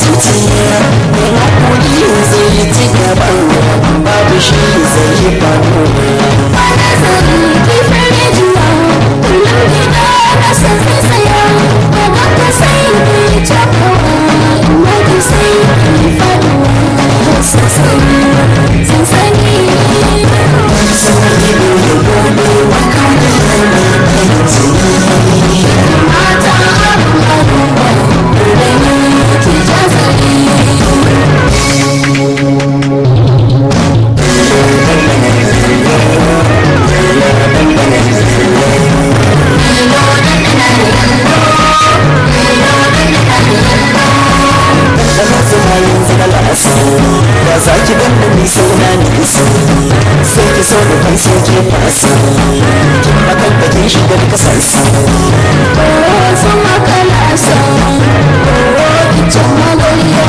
zuciya Mai haƙuri zai ci gaban babu shi zai yi faɗo fasa sai ki so da kai sai ki fasa kin bakar da kin shiga duka sansa kowa san makala sa kowa ki can magariya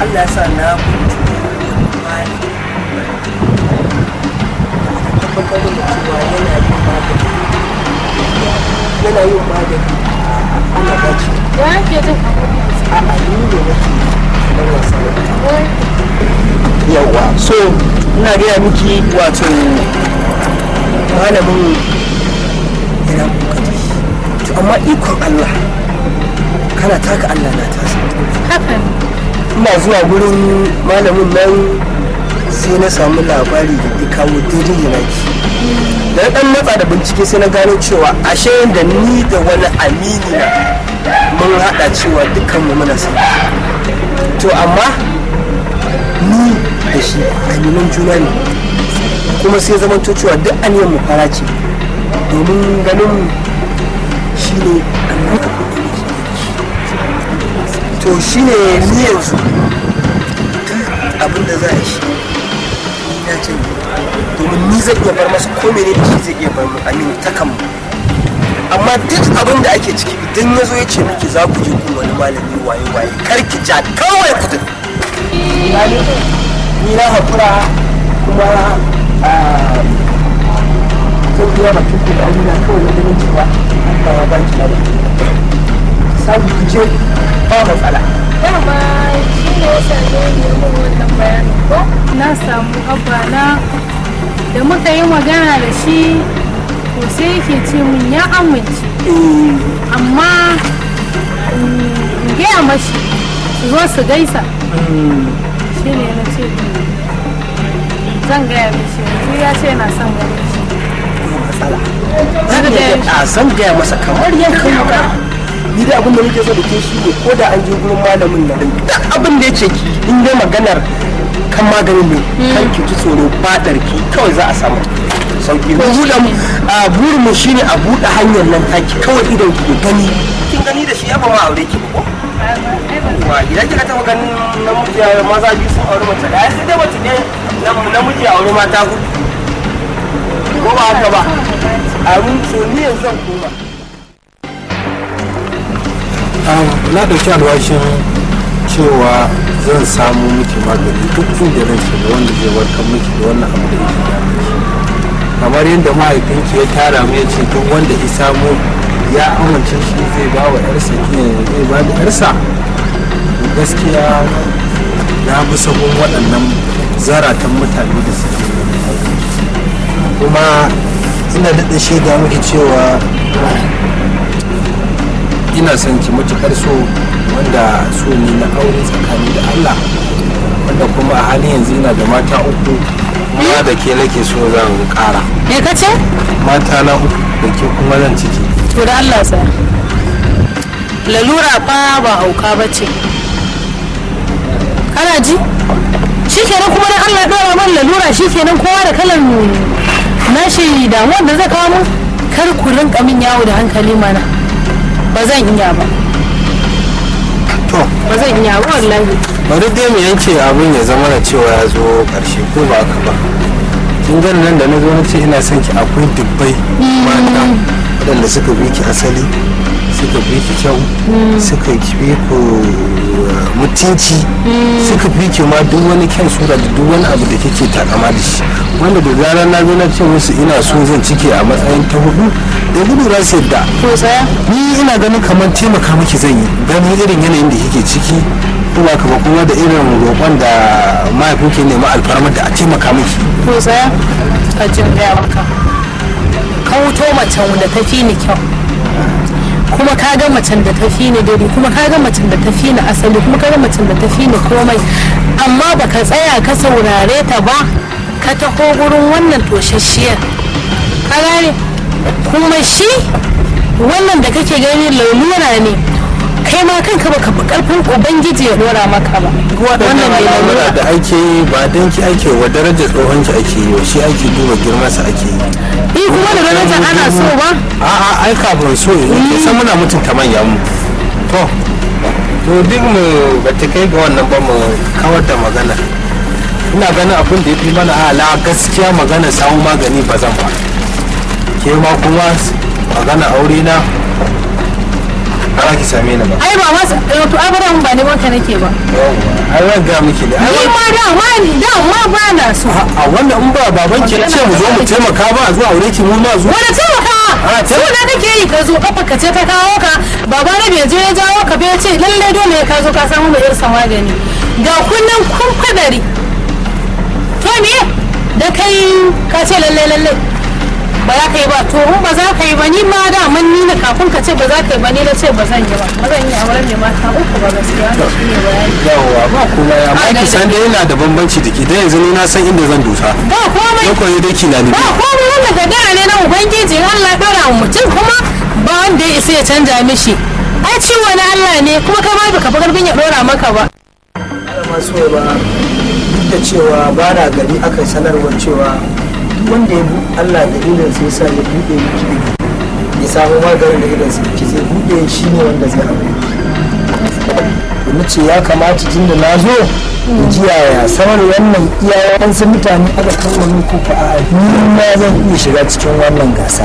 Allah ya sa na kuntu yana yin magani ana ya ke jin a ayyuka yawa so ina gaya miki wato malamin yana kokari amma ikon Allah kana taka Allah na tasa ina zuwa gurin malamin nan sai na samu labari da ya kawo daidai da naki da dan matsa da bincike sai na gano cewa ashe da ni da wani amini na mun haɗa cewa dukkan mu muna sa to amma ni da shi neman juna ne kuma sai zamanto cewa duk aniyar mu fara ce domin ganin shi ne to shine ni yanzu abin da za a shi ya ce domin ni zai iya bar masu ko ne da shi zai iya bar mu aminu ta amma duk abin da ake ciki idan ya zo ya ce miki za ku je kuma wani malami waye waye kar ja kawai kudu ni na hakura kuma ah, zan biya bakin ku da kawai na cewa ba ba samu ki je ba matsala dama shi ne ya same ni mun wannan bayanin ko na samu abana da muka yi magana da shi ko sai yake ce min ya amince eh. amma mm, in gaya mashi su zo su gaisa hmm. shi ne na ce zan gaya mishi yanzu ya ce na son gani shi matsala zan gaya masa kamar yankan magana ni da abin da muke so da ke shi ne ko da an je gurin malamin nan duk abin da ya ce ki in dai maganar kan maganin ne kan ki ji tsoro fadar ki kawai za a samu sauki ko buɗe mu a burin mu shine a buɗe hanyar nan taki kawai idan ki gani kin gani da shi ya ba ma aure ki ko wa idan kika taɓa ganin namiji maza biyu sun aure mace da sai dai mace ne namiji aure mata ku ko ba haka ba a mun so yanzu zan koma na ɗauki alwashin cewa zan samu miki magani duk inda nake da wanda zai warkar miki da wannan abu da yake kamar yadda mahaifinki ya tara mu ya ce duk wanda ya samu ya amince shi zai ba wa yarsa zai ba da yarsa gaskiya na bi sabon waɗannan zaratan mutane da suke kuma ina daɗa shaida miki cewa ina son ki matuƙar so wanda so ne na aure tsakani da Allah wanda kuma a halin yanzu ina da mata uku kuma da ke nake so zan kara. me ka ce mata na uku da ke kuma zan ciki to da Allah sa lalura fa ba hauka ba ce kana ji shikenan kuma dan Allah dora man lalura shikenan kowa da kalan nashi damuwar da zai kawo kar ku rinka min yawo da hankali mana ba zan iya ba ba zan iya ba wallahi bari dai mu yanke abin ya zama da cewa ya zo karshe ko ba haka ba kin ga nan da na zo na ce ina son ki akwai dubbai mata waɗanda suka bi ki asali suka bi ki kyau mm. suka bi ku uh, mutunci mm. suka bi ki ma duk wani kyan sura da duk wani abu da kike takama da shi wanda da zarar na zo na ce musu ina so zan cike a matsayin ta hudu da gudu za su yadda ko ni ina ganin kamar taimaka miki zan yi ganin irin yanayin da kike ciki kuma kama kuma da irin roƙon da mahaifin ke nema alfarmar da a taimaka miki ko tsaya a jin gaya maka ka macen da ta fi ni kyau kuma ka ga macen da ta fi ni dare kuma ka ga macen da ta fi ni asali kuma ka ga macen da ta fi ni komai amma baka tsaya ka saurare ta ba ka taho gurin wannan toshashiyar ka gane kuma shi wannan da kake gani lauluna ne kai ma kanka baka fi karfin ubangiji ya dora maka ba wannan ne lauluna da ake yi ba don ki ake wa darajar tsohon ki ake yi shi ake duba girma sa ake yi in kuma da daraja ana so ba a'a ai kafin so ne san muna mutunta manyan mu to to duk mu ba ta kai ga wannan ba mu kawar da magana ina ganin abin da ya fi mana ala gaskiya magana samu magani ba zan ba ke ma kuma magana aure na ba ki same ni ba ai ba ma to ai ba ne wanka nake ba ai ran ga miki da ai ma da ma da ma ba na so a wannan in ba baban ki ce mu zo mu taimaka ba zuwa aure ki mu ma zuwa wanda taimaka sai wanda kake yi ka zo kafa ka ce ta kawo ka baba na bai je ya jawo ka bai ce lalle dole ka zo ka samu mai irsa magani ga kunnan kun fadari to me da kai ka ce lalle lalle ba za ka yi ba to in ba za ka yi ba ni ma da man ni na kafin ka ce ba za ka yi ba ni na ce ba zan yi ba ba zan yi auren ne mata uku ba gaskiya ne shi ne bayani ba kuma ya ma ki san dai yana da bambanci da dai yanzu ni na san inda zan dusa ba komai ko koyi dai kina ni ba komai wannan ga da ne na ubangiji Allah dora mu mutum kuma ba wanda ya isa ya canja mishi ai ciwo na Allah ne kuma kai ma baka fi garbin ya dora maka ba ba duk da cewa ba na gari aka sanarwa cewa duk wanda ya buɗe Allah da ilin sai sa ya buɗe miki ya samu maganin da ilin sai ki zai buɗe shi ne wanda zai aure mu ce ya kamata jin da na zo mu samar wannan iyawar su mutane aka kawo wani kuka a ni ma zan iya shiga cikin wannan gasa